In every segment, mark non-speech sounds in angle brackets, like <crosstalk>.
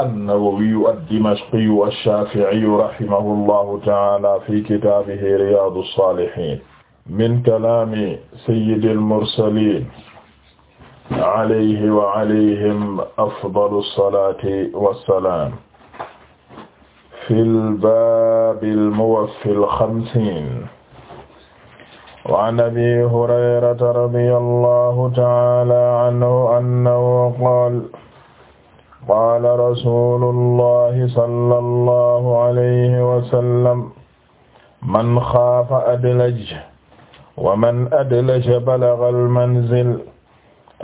an-Nawawiyu ad-Dimashqiyu ash-Shafi'iyu rahimahu llahu ta'ala fi kitaabihi Riyaadu s-Saalihiin min kalaami sayyidil mursaliin alayhi wa alayhim afdalu s-salaati wa s-salaam fil baabil muwaffil xamsiin وعن أبي هريرة رضي الله تعالى عنه أنه قال qaala rasulullahi sallallahu alayhi wa sallam man xaafa adlaja wa man adlaja balaga almanzil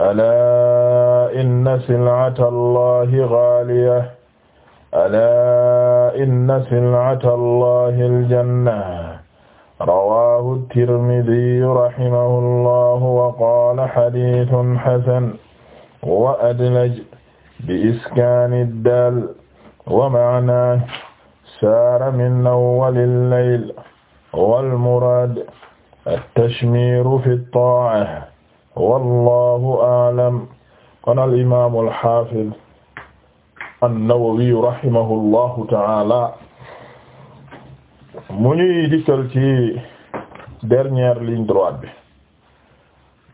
alaa inna sil'ata allahi gaaliya alaa inna sil'ata allahi aljanna rawaahu tirmidiyu rahimahu allahu wa qaala hadiisun hasan wa adlaj bi iskaani daal wa maanaa saara min awwalil layl wal muraad at-tashmiiru fi at-taa'a wallaahu a'lam kon al imaam al haafiz an-Nawawi rahimahullahu ta'aala mu ñuy dikkal ci dernière ligne droite bi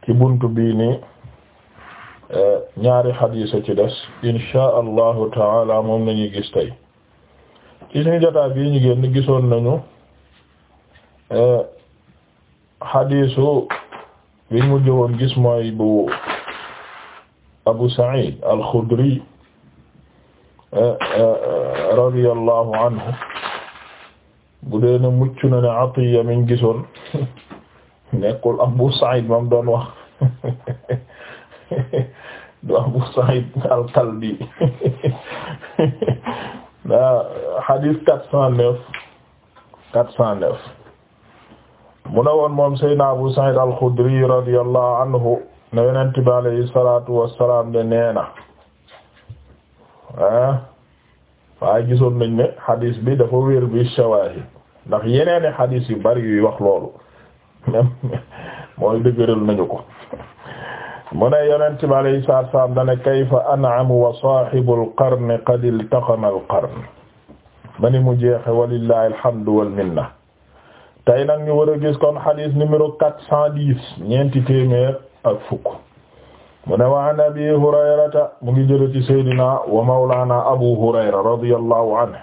ci buntu bii nii. ñaari xadiis ci des insha allahu taala moom nañuy gis tey ci suñu jotaay bii ñu génn gisoon nañu e, xadiisu bi mu jëwoon gis mooy bu Abu Sa'id al-Khudri e, e, radiyallahu anhu bu dee ne mucc na ne Atiya min gisoon <laughs> nekkul Abu Sa'id mam doon wax <laughs> du Abu Sa'id al-Kalbi da quatre cent neuf quatre cent neuf mu ne woon moom Seydina Abu Sa'id al-Khudri radiyallahu anhu ne Yonent bi alayhi salaatu wassalaam de neena ah gisoon nañ ne hadith bi dafa wér bi shawaahid ndax yeneeni hadith yu bari yuy wax loolu <laughs> mooy dëgëral nañu ko mu ne yonent bi alayhi salaatu salaam dane kayfa an'amu wa saahibul qarni qad iltaqama al qarn ba ni mu jeexe walillahi alhamdu wal minna tey nag ñu war a gis kon xadis numéro quatre cent dix ñeenti téeméer ak fukk mu ne wa an abi hurayrata mu ngi jële ci saydina wa mawlaana abu hurayra radiyallahu anhu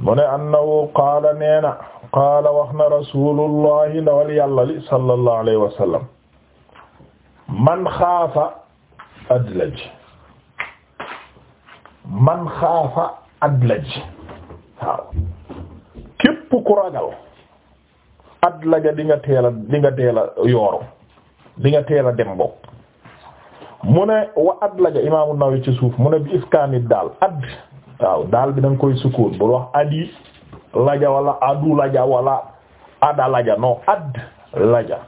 mu ne annahu qaala neena qaala wax na rasulullahi ndawal yàlla li sallallahu alayhi wa sallam man xaafa adlaj man xaafa adlaj waaw képp ku ragal adlaja di nga teel a di nga teel a yooru di nga teel a dem bopp mu ne wa adlaja imaamu Nawawi ci suuf mu ne bi iskaanit daal add waaw daal bi da koy sukkoon bul wax adi laja wala adu laja wala ada laja non add laja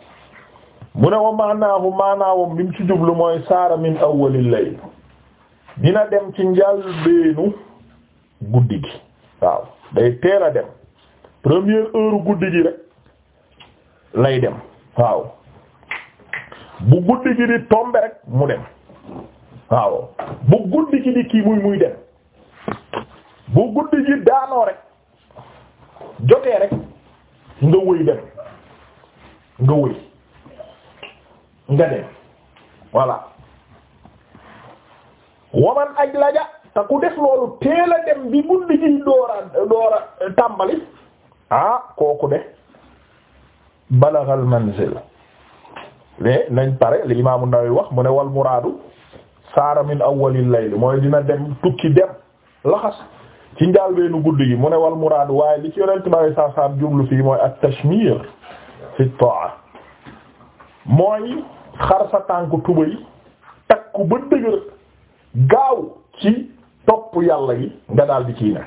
mu ne wa maanaahu maanaawam bi mu ci jublu mooy saara min awwalil layl dina dem ci njàlbeenu guddi gi waaw day teel a dem première heure guddi gi rek lay dem waaw bu guddi gi di tombe rek mu dem waaw bu guddi gi di kii muy muy dem bu guddi gi daanoo rek jotee rek nga wëy dem nga wëy nga dem voilà waman ajlaja te ku def loolu teel dem bi mun lijiñ doora doora tàmbali ah kooku de balagal manzil mais nañ pare li imaamu Nawawi wax mu ne wal muraadu saara min awwalil layl mooy dina dem tukki dem laxas ci njàlbeenu guddi gi mu ne wal muraadu waaye li ci yonent bari saa saam jublu fii mooy at tashmir fi ta'a mooy xar sa tànku tubay takku ba dëgër gaaw ci topp yàlla yi nga daal di ciy ne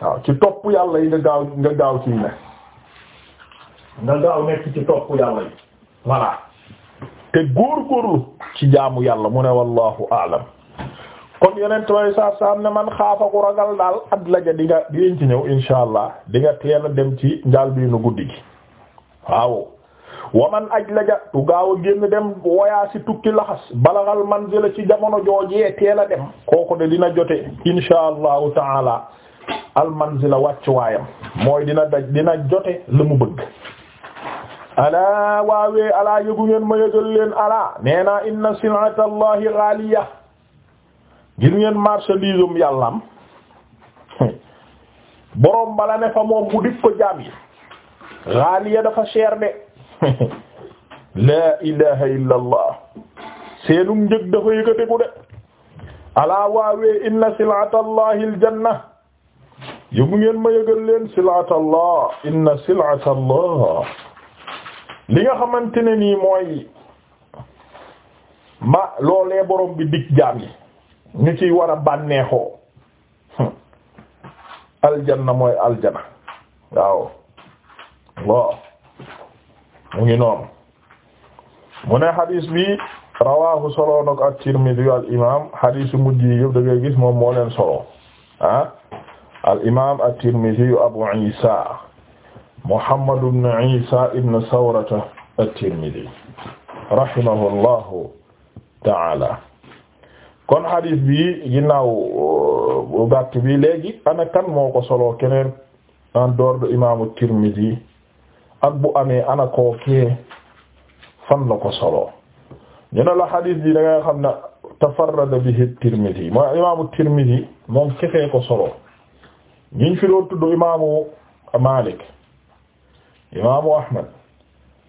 waaw ci topp yàlla yi nga gaaw nga gaaw ciy ne nga gaaw nekk ci topp yàlla yi voilà te góorgóorlu ci jaamu yàlla mu ne wallahu aalam kon yonent way saa saam ne man xaafa ku ragal daal ak laja di nga dinañ ci ñëw insha allah di nga teel dem ci njaal biinu guddi gi waaw wa man ajlaja tu gaaw a génn dem woyaa si tukki laxas balagal manzila ci jamono joojee teel a dem kooku de dina jote insha allahu taala al manzila wàcc waayam mooy dina daj dina jote lu mu bëgg alaa waawee alaa yëgu ngeen ma yëgal leen alaa nee naa inna sil'ata allahi ngeen marchandise um boroom bala ne fa moom bu dik jaam yi ghaliya dafa cher de <laughs> la ilaha illa allah seenum njëg dafa yëkkateku de alaa waawee inna silata allahi aljanna yëgu ngeen ma yëgal leen silata allah inna li nga xamante ne nii mooy ma loolee borom bi dig jaam yi ñu ciy war a bànneexoo aljanna mooy aljanna waaw waaw mu ngi noonu mu ne hadis bi rawahu solo nag at-Tirmidhi al imam hadis yu mujj yi yëpp da gis moom moo leen solo ah al imam at-Tirmidhi Abu Isa Muhammad ibn Isa ibn Sawrata at-Tirmidhi rahimahullahu ta'ala kon hadis bi ginnaaw gàtt bi léegi ana kan moo solo keneen en dehors de imam at-Tirmidhi ak bu amee ana koo kee fan la ko solo ñu ne la xadis bi da ngay xam ne tafarrada bihi Tirmidhi mooy imaamu Tirmidhi moom kefee ko solo ñu fi doon tudd imaamu Malik imaamu Ahmad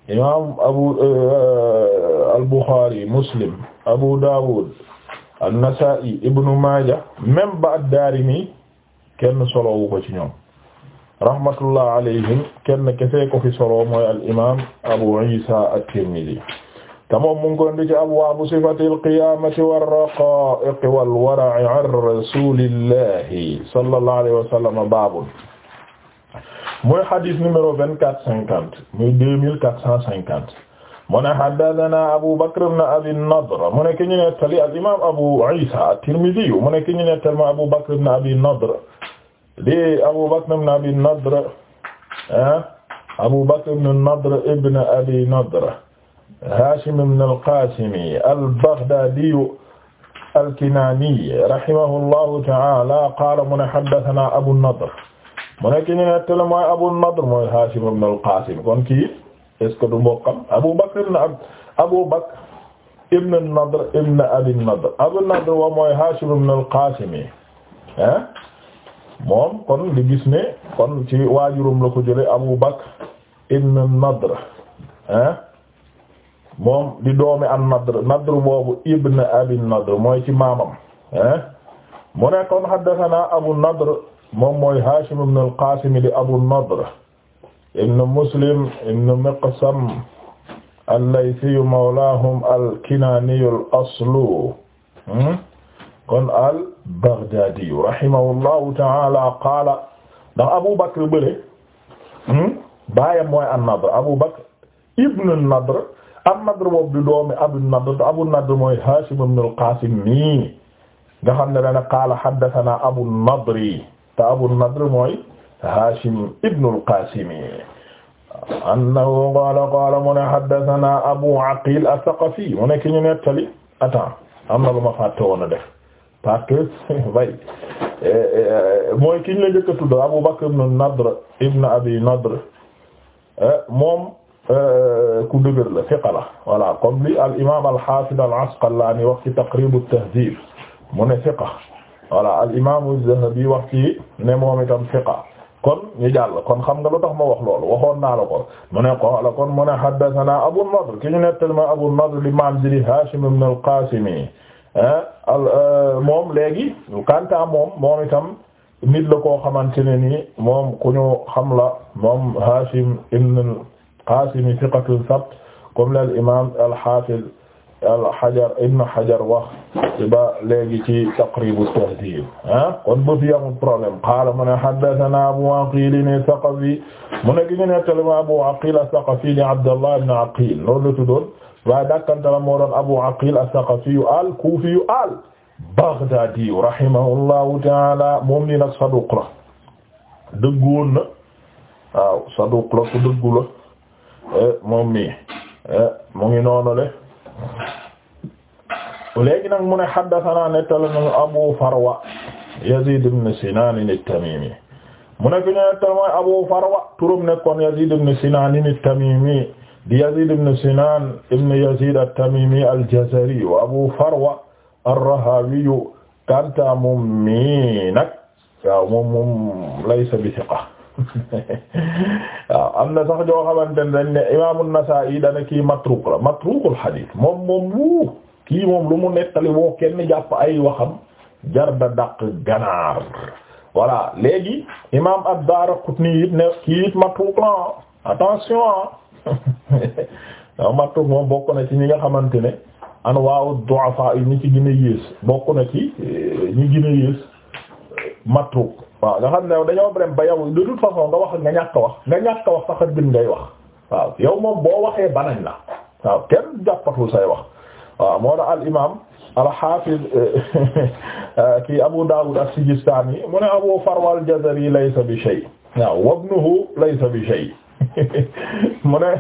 imaamu Abu euh, al Muslim Abu Dawud an-Nasa'i Ibn Majah même kenn solowu ko ci ñoom. rahmatullah alayhim kenn kese ko fi solo mooy al imaam Abu Isa at-Tirmidhi te moom mu ngi koy indi ci abwaabu sifatil qiyaamati war-raqaa'iqi wal-wara'i an rasuulillahi sallallahu alayhi wa sallam baabun mooy hadith numéro vingt quatre cinquante muy deux mille quatre cent cinquante mu ne haddathanaa Abu Bakr ibn Abi Nadr mu ne ki ñu nettali al imaam Abu Isa at-Tirmidhi mu ne ki ñu nettali Abu Bakr ibn Abi Nadr di Abu Bakr ibn Abi Nadr ah, Abu Bakr ibn Nadr ibn Abi Nadr Hashim ibn al-Qasimi al-Baghdadi al-Kinani rahimahullahu ta'ala qaala mu ne haddathana Abu Nadr mu nekk ñu nettali mooy Abu Nadr mooy Hashim ibn al-Qasim kon kii est-ce que du mbokkam Abu Bakr ibn Abu Bakr ibn Nadr ibn Abi Nadr Abu Nadr wa mooy Hashim ibn al-Qasimi ah moom kon li gis ne kon ci waajurum la ko jële Abu Bakr ibn Nadr ah moom di doomi an Nadr Nadr boobu ibn Abi Nadr mooy ci maamam ah mu ne kon haddathana Abu Nadr moom mooy Hashim ibn al-Qasim di Abu Nadr ibn Muslim ibn Miqsam al-Laythi mawlahum al-Kinani al-aslu hmm? kon al Baghdadi rahimahullahu ta'ala qaala ndax Abu Bakr bële hmm, baayam mooy an-Nadr Abu Bakr ibn an-Nadr an-Nadr boobu di doomi Abu Nadr te Abu Nadr mooy Hashim ibn al-Qasim nii nga xam ne dana qaala haddathana Abu an-Nadr te Abu an-Nadr mooy Hashim ibn al-Qasim annahu qaala qaala mu ne haddathana Abu Aqil ath-Thaqafi mu nekk ñu nettali attends am na lu ma fàtte woon a def parce que <laughs> way eh, eh, mooy ki ñu la njëkk a tudd Abu Bakr ibn Nadr ibn Abi Nadr eh, moom ku dëgër la fiqa la voilà comme li al imaam al haafid al Asqalaani wax ci Taqrib at-Tahdhib mu ne fiqa voilà al imaam az-Zahabi wax ci ne moom kon ñu jàll kon xam nga lu tax ma wax loolu waxoon la ko mu ne qaala kon Abu Nadr ki ñu ma Abu Nadr li Manzili Haashim al-Qaasimi Euh, euh, moom léegi kanta moom moom itam nit la koo xamante ne nii moom ku ñu xam la moom Hashim ibn al-Qasim thiqatun sabt comme le al-imam al-hafiz al-Hajar ibn Hajar wax ba léegi ci Taqrib at-Tahdhib ah kon ba fi amul problème qaala mu ne haddathana Abu Aqil ath-Thaqafi mu ne gi ñu nettali Abu Aqil ath-Thaqafi ni Abdullah ibn Aqil loolu la tuddoon waa dàkkantala moo Abu Aqil as-Saqafiyu al-Kufiyu al-Baghdadiyu rahimahullahu taala moom nii nag saduq la dëggoon na ku dëggu la eh, moom eh, mu ngi noonu le léegi nag mu ne mu ne fi ñu Abu Farwa turam nekkoon Yazid ibn tamimi di Yazid ibn Sinan ibn Yazid at-Tamimi al-Jazari wa Abu Farwa ar-Rahawi kanta moom mi nag waaw moom moom laysa bi thiqa waaw am na sax joo xamante ne dañ ne Imam an-Nasa'i dana kii matruk la matrukul hadith moom moom wuu kii moom lu mu nettali woo kenn jàpp ay waxam jar da dàq ganaar voilà léegi Imam ad-Daraqutni it ne kii it matruk la attention <laughs> waaw mattu moom bokk na ci ñi nga xamante ne an waaw du'afa yi ñi ci gën yées bokk na ci eh, ñi gën a yées eh, mattu waaw nga xam ne dañoo brem ba yow de toute façon nga wax nga ñàkk wax nga ñàkk wax sax ak ngay wax waaw yow moom boo waxee banañ la waaw kenn jàppatul say wax waaw moo tax al imaam al hafiz eh, <laughs> kii Abu Dawud as-Sijistani mu ne Abu Farwa al-Jazari laysa bi shay waaw wa laysa bi shay <laughs> mu ne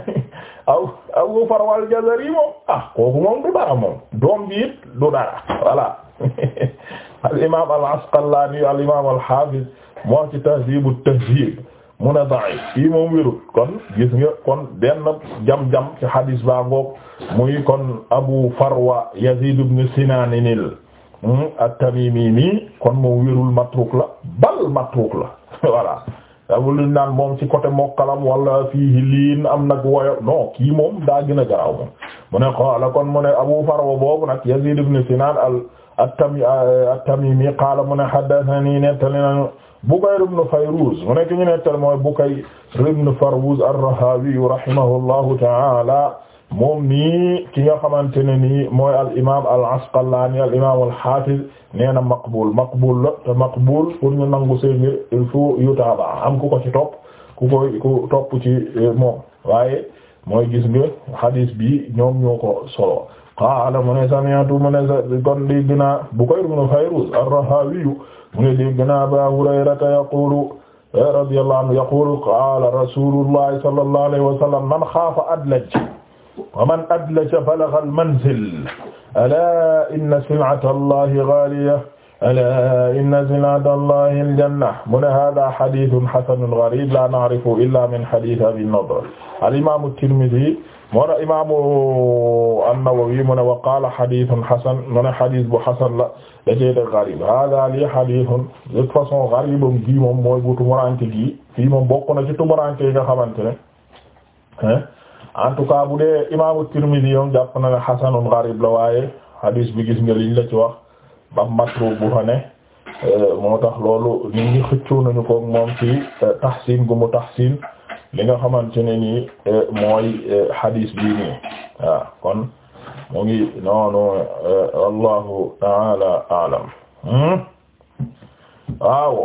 aw abu farwal jazari moom ah kooku moom du dara moom doom bi it du dara voilà <laughs> al imam al asqalani al imam al hafiz moo ci tahdhib at tahdhib mu ne da'if fii moom wérul kon gis nga kon benn jam-jam ci hadis ba ngoog muy kon abu farwa yazid ibn sinan hmm, at-tamimi nii kon moom wérul matruk la bal matruk la <laughs> voilà amul luñ naan moom ci côté mokkalam wala fii liin am nag woyo non kii moom daa gën a garaaw moom mu ne qaala kon mu ne Abu Farwa boobu nag Yazid ibn Sinan al atami euh, at-Tamimi qaala mu ne haddathani nettali nañu Bukayr ibn Fayruz mu nekk ñu nettali mooy Bukayr ibn Fayruz ar-Rahawi rahimahullahu ta'ala moom nii ki nga xamante ne ni mooy al imaam al asqalaani al imaam al xaafiz nee na maqbul la te maqbul pour ñu nangu seen mbir il faut yutaaba am ku ko ci top ku koy ku topp ci eh, moom waaye mooy gis nga hadis bi ñoom ñoo ko solo qaala mu ne sami'tu mu ne kon dégg naa Bukayr ibn Fayruz mu ne dégg naa Hurayrata yaqulu eh, radiyallahu anhu yaqulu qaala rasuulullahi sallallahu alayhi man xaafa adlaj wa man adlaja balagha al-manzil alaa inna sil'ata Allahi ghaaliya alaa inna sil'ata Allahi al-janna mu ne haaza hadiisun hasanun ghariib laa na'rifu illaa min hadiisi Abii Nadr al-imaam at-Tirmidhi mu ne imaam an-Nawawi mu ne wa qaala hadiisun hasan mu ne hadiis bu hasan la da cee def ghariib haaza lii hadiisun de toute façon ghariib moom mooy bu tumuraanke gi fii moom bokk na ci tumuraanke yi nga xamante ne en tout cas bu dee imaamu Tirmidhi yoom jàpp na ne xasanun gharib la waaye hadis bi gis nga la ci wax ba matru bu fa ne euh, moo tax loolu nit ñi xëccoo nañu ko moom ci euh, tahsin gu mu tahsin li nga xamante ne nii euh, mooy hadis bii nii kon mu ngi noonu wallahu taala aalam hmm? waaw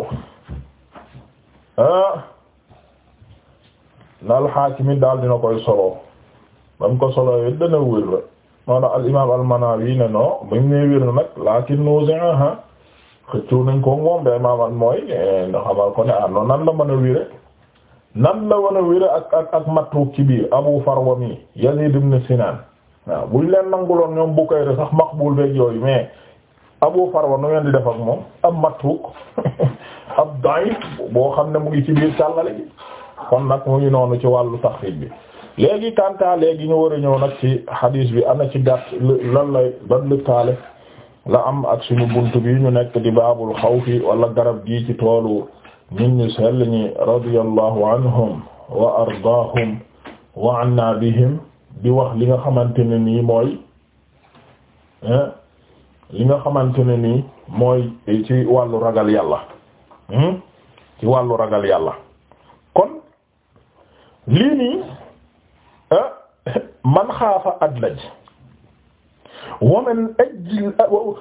na alxaakimi daal dina koy solo ba mu ko solo it dana wér la moo tax al imaam al ne non bu ñu nee wér na nag laakin nuzi'aha xëccoo nañ ko moom day maamal mooy nga ko ne ah non mën a wére nan la mën a wére ak ak ak matruk ci biir Abu Farwa mi Yazid ibn Sinan waaw buñ leen nanguloon ñoom bu koy sax maqbul beeg yooyu mais Abu Farwa nu ngeen di def ak moom ab matruk <laughs> ab da'if boo xam ne mu ngi ci biir càllale gi kon nag mu ngi noonu ci wàllu taxriij bi léegi kanta gi ñu war ñëw nag ci hadis bi am na ci gàtt lan la lan lu taale la am ak suñu bunt bi ñu nekk di baabul xawfi wala garab gii ci toolu nit ñu sell ñi radiyallahu anhum wa ardaahum wa anna bihim di wax li nga xamante ne nii mooy li nga xamante ne nii mooy ci wàllu ragal yàlla hmm, ci wàllu ragal yàlla kon lii nii ah, man xaafa adlaj wa man ajl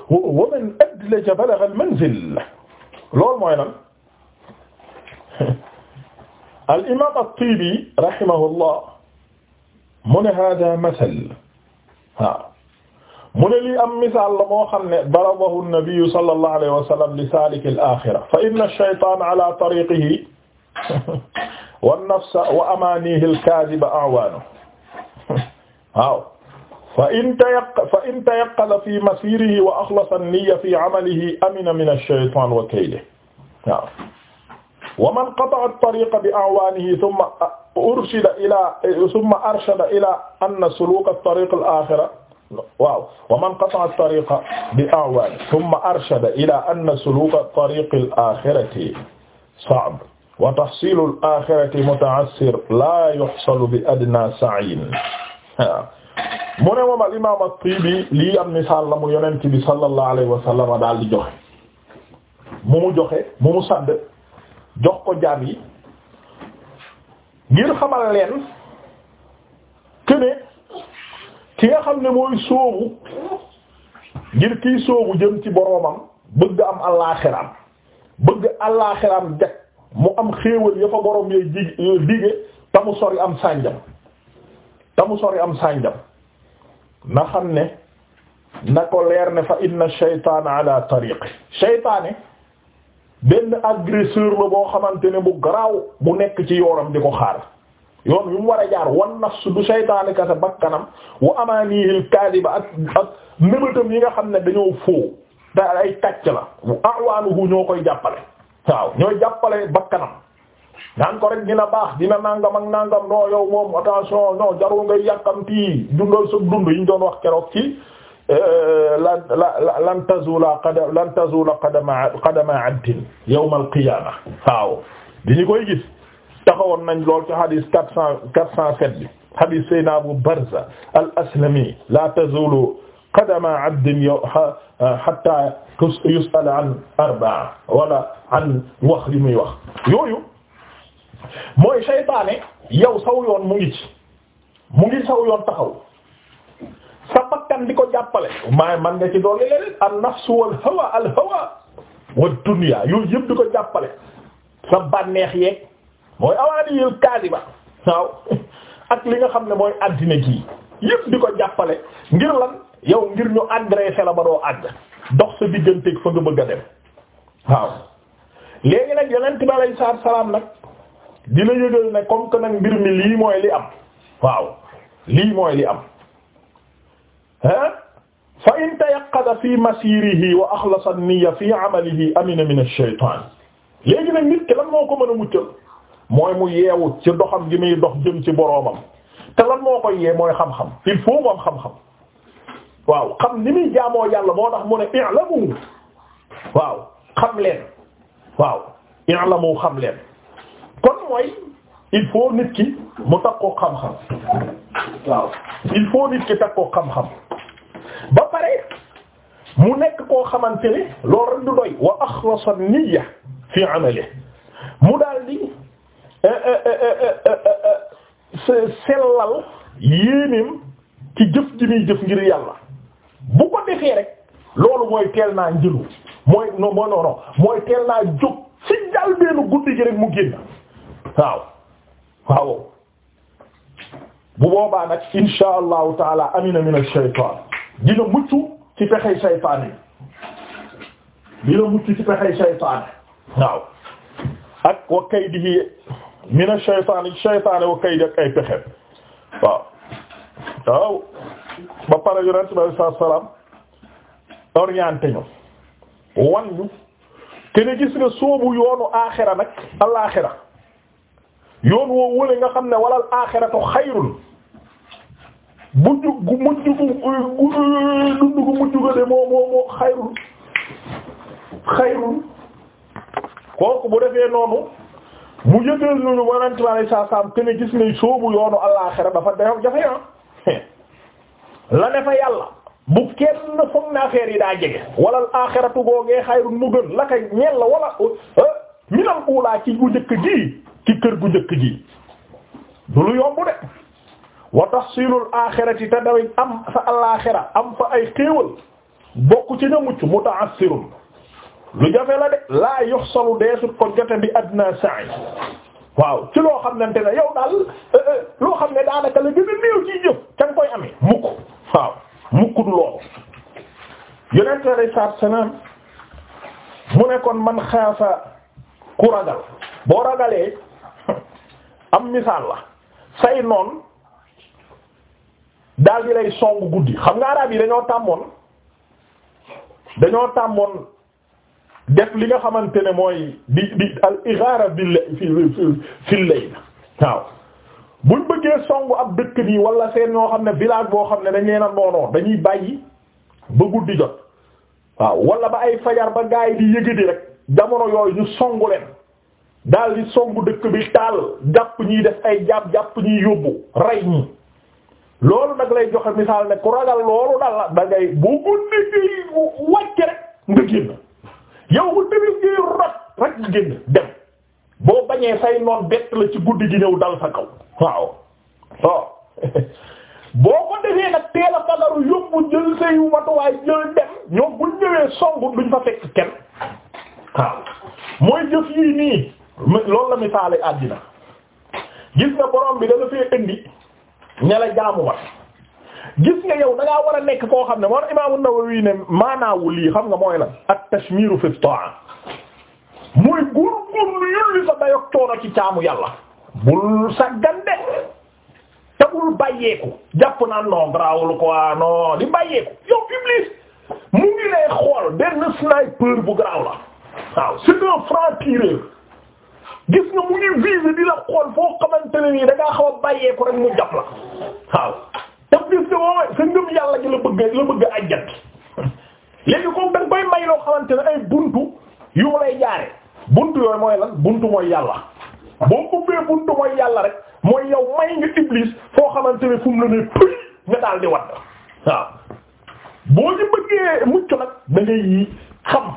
wa man adlaj balagha al manzil loolu mooy lan al imaam at-Tiibi rahimahullah mu ne haadaa masal waaw mu ne lii am misaal la moo xam ne darabahu an-nabiyyu sallallahu alayhi wa sallam li saalik al-aaxira fa inna ash-shaytaana ala tariiqihi wan nafsa wa amaanihi al-kaadiba a'waanu <laughs> waaw fa in tayaq fa in tayaqqaza fi masiirihi wa axlasa an-niyya fi amalihi amina mina ash-shaytaan wa kaydihi waaw wa man qata'a at-tariiqa bi a'waanihi thumma urshida ilaa thumma arshada ilaa anna suluuka at-tariiq al-aaxira waaw wa man qata'a at-tariiqa bi a'waanihi thumma arshada ilaa anna suluuka at-tariiq al-aaxirati sa'b wa tahsilu al-axirati muta'assir laa yuhsalu bi adnaa sa'yin mu ne moom al imaam at-Tiibi lii am misaal la mu yonent bi sallallahu alayhi wa sallam daal di joxe mu mu joxe mu mu sadd jox ko jaam yi ngir xamal leen que ne ki nga xam ne mooy sóobu ngir kiy sóobu jëm ci boroomam bëgg am allaaxiraam bëgg allaaxiraam jag mu am xéewal ya fa borom yay dig dige te mu sori am sànjam te mu sori am sànjam na xam ne na ko leer ne fa inna shaytaana ala tariqi shaytaane benn agresseur la boo xamante ne bu garaaw bu nekk ci yoonam di ko xaar yoon yu mu war a jaar wan nafs du shaytaani kasa bakkanam wa amaanihil kaadiba ak ak nëbëtam yi nga xam ne dañoo foo te ay tàcc la bu a'waanuhu ñoo koy jàppale waaw ñooy jàppale bakkanam naan ko rek dina baax dina nangam ak nangam non yow moom attention non jarul ngay yàkkamti dundal sa dund yi ñu doon wax keroog ci euh, lan la lan tazula qada lan tazula qadama qadama abdin yawm al qiyamah waaw di ñu koy nañ lool ci hadith quatre cent quatre cent sept na hadith abu barza al la tazulu qadama abdin yow hatta yus'al an arba'a wala an wax li muy wax yooyu mooy seytaane yow saw yoon mu ngi ci mu ngi saw yoon taxaw sa bakkan di ko jàppale maay man nga ci doole leneen an nafsu wal hawa al hawa wa dunya yooyu yëpp di ko jàppale sa bànneex yeeg mooy awaani yil kaadiba waaw <laughs> ak li nga xam ne mooy addina gi yëpp di ko jàppale ngir lan yow ngir ñu agressé la ba doo àgg dox sa digganteeg fa nga bëgg a dem waaw léegi nag yonent nag dina yëgal ne comme que nag mbir mi lii mooy li am waaw lii mooy li am ah fa in tayaqqada fi masirihi wa axlasa an fi amalihi min ash-shaytaan léegi nag nit ki lan moo ko mën mooy mu yeewu ci doxam gi muy dox jëm ci boroomam te lan moo koy yee mooy xam-xam il faut xam-xam waaw xam ni muy jaamoo yàlla moo tax mu ne i'lamu waaw xam leen waaw i'lamu xam leen kon mooy il faut nit ki mu takkoo xam-xam waaw il faut nit ki takkoo xam-xam ba pare mu nekk koo xamante ni loolu rek du doy wa axlasa niyya fi amalihi mu daal di eh, eh, eh, sellal yéenéem ci jëf ji muy jëf ngir yàlla bu ko defee rek loolu mooy teel naa njëlu mooy non non non mooy teel naa jóg ci njàlbéenu guddi gi rek mu génn waaw waaw bu boobaa nag insha allahu taala amina min ash-shaytaan dina mucc ci pexey shaytaan yi dina mucc ci pexey shaytaan waaw ak wa kaydihi min ash-shaytaan shaytaan wa kaydi ak ay pexe waaw waaw ba pare yonent bi sallallahu alayhi wasallam ñu wan ñu te gis nga soobu yoonu aaxira nag alaaxira yoon woo wële nga xam ne walal aaxiratu xayrun mujj gu mujj gu dund gu mujj gu de moo moo moo xayrun kooku bu defee noonu mu yëgal ñu ñu yonent bi sallallahu alayhi wasallam te gis nga soobu yoonu alaaxira dafa dafa jafe ah. <laughs> la ne fa yàlla bu kenn foog na affaire yi daa jege wala al-aaxiratu googee xayrun mu gën la ka ñel la wala euh, minal uulaa ci gu njëkk gi ci kër gu njëkk gi du lu yomb de wa tahsiilul aaxirati te daway am fa al am fa ay xéewal bokk ci na mucc mutaassirun lu jafe la de laa yuxsalu deesut ko jote bi adna sa'i waaw ci loo xam ne te ne yow daal euh, euh, loo xam ne daanaka la gën a néew ci jëf ca nga koy amee mukk waaw mukk du loolu yonente alayhi salaam mu ne kon man xaafa ku ragal boo ragalee am misaal la say noon daal di lay song guddi xam nga araab yi dañoo tàmmoon dañoo tàmmoon def li nga xamante ne mooy di di al ighaara bil fi fi layl waaw bu buñ bëggee songu ab dëkk nii wala seen ñoo xam ne village boo xam ne dañ leen a noonoo dañuy bàyyi ba guddi jot waaw wala ba ay fajar ba gaay di yëgadi rek jamono yooyu ñu songu leen daal di songu dëkk bi taal jàpp ñiy def ay jàpp jàpp ñiy yóbbu rey ñi loolu nag lay joxe misaal ne ku ragal loolu da ngay bu rek nga génn yow bu déglu gi rot rek nga génn dem boo bañee say noon bett la ci guddi gi ñëw dal sa kaw. waaw so boo ko defee nag teel a fagaru yóbbu jël say matuwaay jël dem ñoom buñ ñëwee songu duñ fa fekk kenn waaw mooy jëf yii nii loolu la misaale àddina gis nga borom bi dala fee indi ña la jaamu wat gis nga yow da war a nekk koo xam ne war Imaam An-Nawawi ne maanaawu lii xam nga mooy lan at-tashmiru fi at-ta'a mooy góorgóorlu yëlli sa dayok coono ci caamu yàlla bul saggan de te bul bàyyeeku jàpp naa non garaawul quoi non di bàyyeeku yow Iblis mu ngi lay xool benn sniper bu garaaw la waaw c'est un franc-tireur gis nga mu ngi visé di la xool foo xamante ne nii da ngaa xaw a bàyyeeku rek mu jàpp la waaw te gis nga woowee sa ngëm yàlla gi la bëgg la bëgg ajjat léegi comme da may loo xamante ne ay buntu yu lay jaare buntu yooyu mooy la buntu mooy yàlla. boo ubbee buntu mooy yàlla rek mooy yow may nga iblis foo xamante ne fu la ne tuy nga daal di wat waaw boo ñu bëggee mucc nag da ngay xam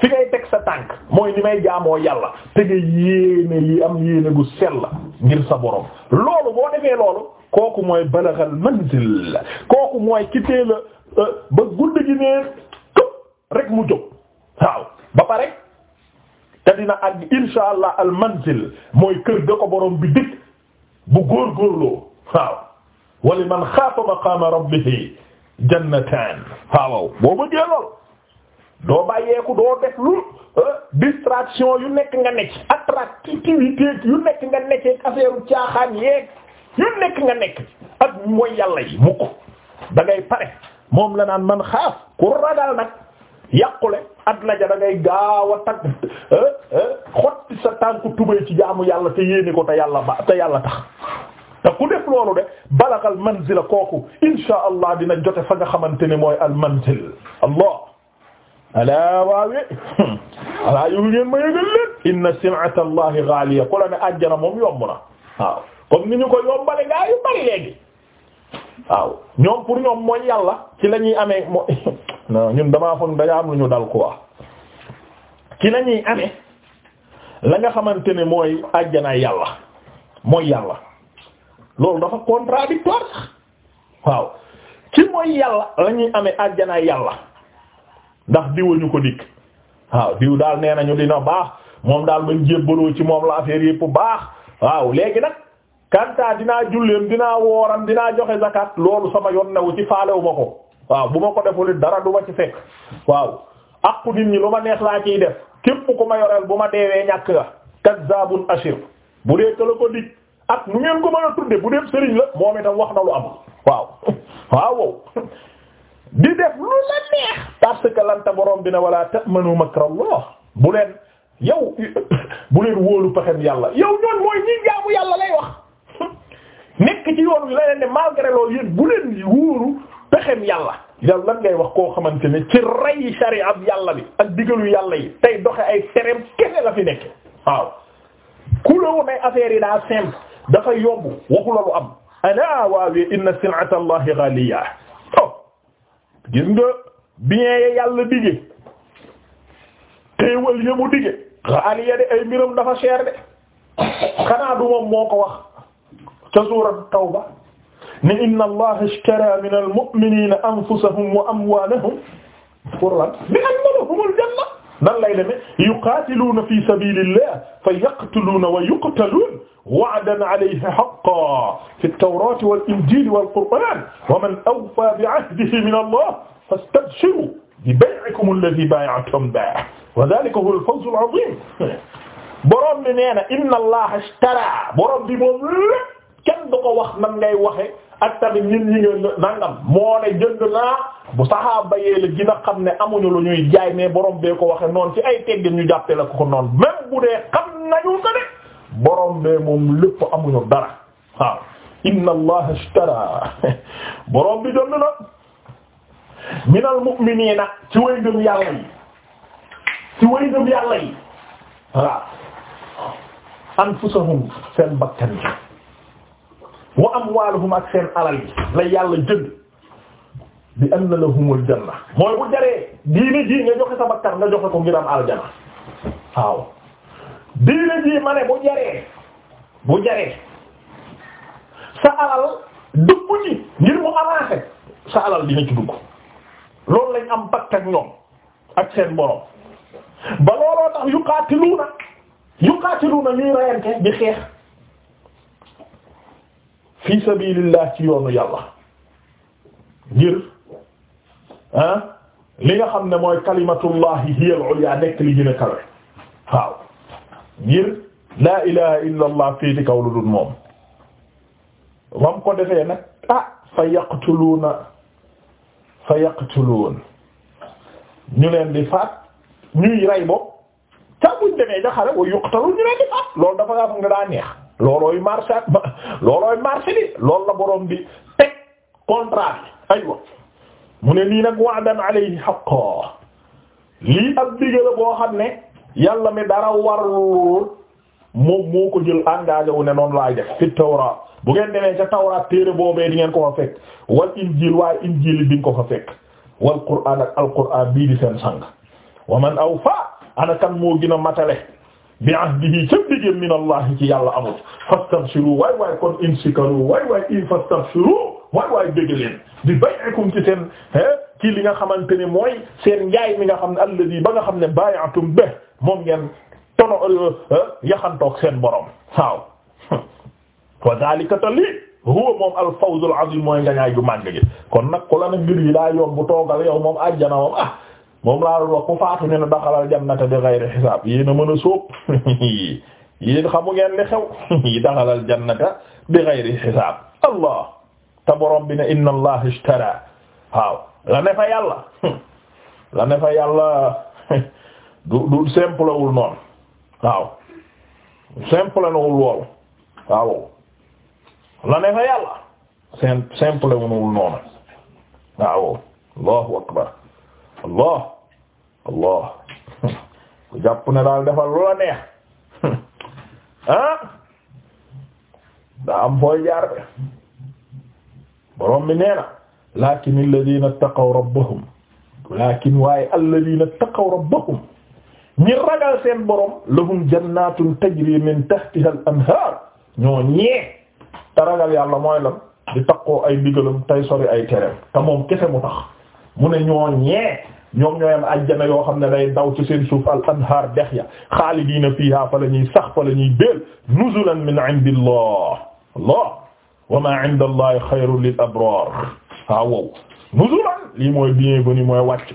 fi ngay teg sa tànk mooy ni may jaamoo yàlla te nga yéene yi am yéene gu sell ngir sa borom loolu boo defee loolu kooku mooy balagal manzil kooku mooy ki teel euh, ba guddi gi nee këpp rek mu jóg waaw ba pare te dina àgg insha allah al mooy kër ga ko borom bi dikk bu góorgóorloo waaw wali man xaafa maqaama rabbihi jannataan waaw boo bëggee lool doo bàyyeeku doo def lu euh, distraction yu nekk nga nekk attractivité yu nekk nga nekk affaire caaxaan yeeg yu nekk nga nekk ak mooy yàlla mukk da pare moom la naan man xaaf ku ragal nag yàqule adlaja da ngay gaaw a tag <laughs> eh, eh, xotti sa tànku tubay ci jaamu yàlla te yéene ko ta yàlla ba te yàlla tax te ku def loolu de balagal manzila kooku insha allah dina jote fa nga xamante ne mooy al manzil allah alaa waawee <laughs> alaa yow ngeen ma yëgal leen inna sim'ata allahi ghaliya ku la ne àjjana moom yomb na waaw comme ni ñu ko yombale gaa yu bari waaw ñoom pour ñoom mooy yàlla ci la ñuy amee <laughs> ñun damaa foog dañoo am lu ñu dal quoi ci la ñuy amee la nga xamante ne mooy àjjana yàlla mooy yàlla loolu dafa contradictoire sax waaw ci mooy yàlla la ñuy amee àjjana yàlla ndax diwa ñu ko dikk waaw diw daal nee nañu dina baax moom daal bañ jébbaloo ci moom la affaire yépp baax waaw léegi nag kanta dinaa julleem dinaa wooram dinaa joxe zakat loolu sama yoon newu ci faalewuma ko waaw bu ma ko deful dara du ma ci fekk waaw aqu nit ñi lu ma neex laa ciy def képp ku ma yoreel bu ma deewee ñàkk nga kazzabun ashir bu dee la ko dig ak nu ngeen ko mën a tudde bu dem sëriñ la moom tam wax na lu am waaw <laughs> waaw <laughs> di def lu la neex parce lanta borom bi ne wala ta'manu makrallah bu leen yow <laughs> bu leen wóolu pexem yàlla yow ñoon nekk ci yoon wi la leen ne malgré loolu yéen bu leen wóoru pexem yàlla yàlla lan wax koo xamante ne ci rey sharia ab yàlla bi ak digalu yàlla yi tey doxe ay tereem kese la fi nekk waaw ku la woon ay affaires yi daa simple dafa yomb waxu la lu am ana waawee inna sin'ata allahi ghaliya oh gis nga bien ye yàlla digge xéewal yëmu digge ghaliya de ay mbiram dafa cher de xanaa du moom moo wax ca suurat tawba ne inna allaha ishtara min almu'minina anfusahum wa amwalahum pour lan bi anna lahumul janna nan lay demee yuqaatiluuna fi sabilillah fa yaqtuluuna wa yuqtaluun wa'dan alayhi haqqan fi tawraati wal injiili wal qur'aan wa man awfaa bi 'ahdihi min allah fastabshiruu bi bay'ikum alladhii baaya'tum bihi wa dhaalika huwa al-fawzu al-'aziim borom bi nee na inna allaha ishtaraa borom bi moom lépp kenn du ko wax nan ngay waxe ak tamit ñun ñi nga nangam moo ne jënd naa bu saxaaba yee la gën a xam ne amuñu lu ñuy jaay mais borom bee ko waxe noonu ci ay teggin ñu jàppee la ko noonu même bu dee xam nañu ko de borom bee moom lépp amuñu dara waaw inna allaha ishtara <laughs> borom bi jënd na minal mu'minina ci way ngëm yàlla yi ci way ngëm yàlla yi waaw anfusahum seen bakkan wa amwaaluhum ak seen alal yi la yàlla jënd bi la lahumul janna mooy bu jaree diine ji nga joxe sa nga joxe ko ngir am aljana waaw diine ji ma ne bu jaree bu jaree sa alal dugg ngir mu avancé sa alal dina ci dugg loolu lañ am pacte ak ñoom ak seen borom ba looloo tax yuqaatiluuna yuqaatiluuna ñuy rayante di xeex fi sabilillah ci yoonu yàlla ngir ah li nga xam ne mooy kalimatullahi hiya al-ulya nekk li gën a kawe waaw ngir laa ilaha illa allah féeti kaw lu dul moom wam ko defee nag ah fa yaqtuluuna fa yaqtuluun ñu leen di faat ñuy rey bopp ca buñ demee jaxare wa yuqtalu ñu leen di faat loolu dafa nga xam nga daa neex loolooy marché ak loolooy marché bi loolu la boroom bi teg contrat bi aywa mu ne lii nag wa'dan alayhi haqqan lii ab digga la boo xam ne yàlla mi dara warul moom moo ko jël engagé wu ne noonu laay def fi tawraat bu ngeen demee ca tawraat téere boobee di ngeen ko fa fekk wal injiil waaye injiil di nga ko fa fekk wal qur'aan ak al qur'aan bii di seen sang wa man awfaa ana kan moo gën matale bi ahdihi ca digéen min allah ci yàlla amul fastabshiru waay waay kon insikaru waay waay in fastabshiru waay waay dégg leen bi bay'ikum ci seen ci li nga xamante ne mooy sen njaay mi nga xam ne alladi ba nga xam ne ba be moom ngeen tono euh, euh, yaxantoog seen borom waaw wa dhalika ta lii moom kon nag ku la na mbir yi daa toogal yow moom àjjana moom ah moom laa doon ku faatu ne na daxalal jannata bi ghayri hisaab yéen a mën a sóob <laughs> yéen xamu ngeen li xew <laughs> yi daxalal bi ghayri hisaab allah te borom bi ne allah ishtara waaw la ne fa yàlla <laughs> du du wul noonu waaw simple na wul lool waaw la ne fa yàlla simple wul noonu waaw allahu akbar allah allah ku jàpp ne daal defal lu la neex ah daa am fooy jaar de borom bi nee lakin alladina taqaw rabbahum lakin waaye alladina taqaw rabbahum ñi ragal seen borom lahum jannatun tajri min tahtiha al anhar ñoo ragal yàlla mooy lan di taqoo ay ndigalam tey sori ay tereem te kese mu tax mu ne ñoo ñoom ñooy am ajjana yoo xam ne day daw ci seen suuf al anhaar dex ya xaalidiina fiihaa fa la ñuy sax fa la ñuy béel nuzulan min indillah allah wa ma inda allahi xayrun lil abraar waaw nuzulan lii mooy bienvenu mooy wàcc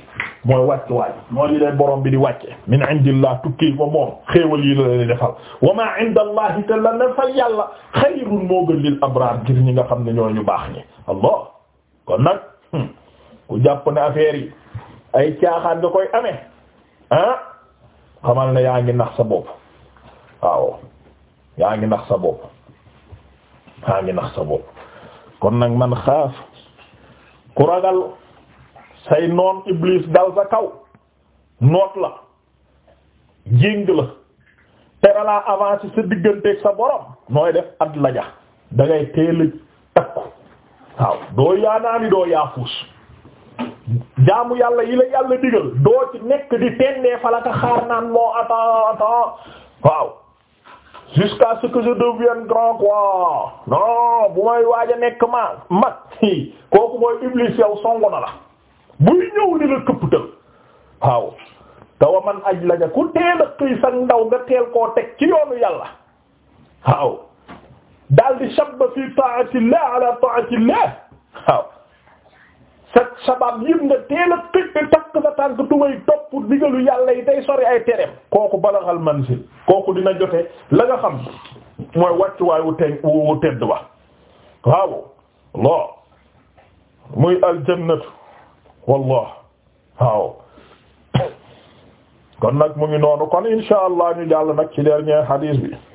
mooy wàcc waay mooy li leen bi di wàcce min indillah tukki ko moom xéewal yi la defal wa ma la defal yàlla xayrun moo gën ñi nga xam ne ñoo ñu baax ñi allah kon nag hmm, ku jàpp ne affaire ay caaxaan nga koy amee ah xamal ne yaa ngi nax sa bopp waaw yaa ngi nax sa bopp yaa ngi nax sa bopp kon nag man xaaf ku ragal say noon iblis dal sa kaw noot la jéng la tera laa avancé sa digganteeg sa borom nooy def at laja da ngay teel a takku waaw doo yaanaani doo yaafuus jaamu yàlla yi la yàlla digal doo ci nekk di tendee falaka xaar naan moo attends attends waaw jusqu'à ce que je devienne grand quoi non bu may waaj a nekk ma mag kooku mooy iblis yow songu na la buy ñëw li la këpptal waaw tawa man aj laña ku teel a xëy sa ndaw nga teel koo teg ci yoonu yàlla waaw daal di shabba fi ta'atillah ala ta'atillah waaw sa sabab yëpp nga teel takk sa tànk tubay topp digalu yàlla yi tey sori ay tereem kooku balaxal manzil kooku dina jote la nga xam mooy wàccuwaay wu teg wu tedd ba waaw loo muy aljannatu wallah waaw kon nag mu ngi noonu kon insha allah ñu jàll nag ci dernier hadith bi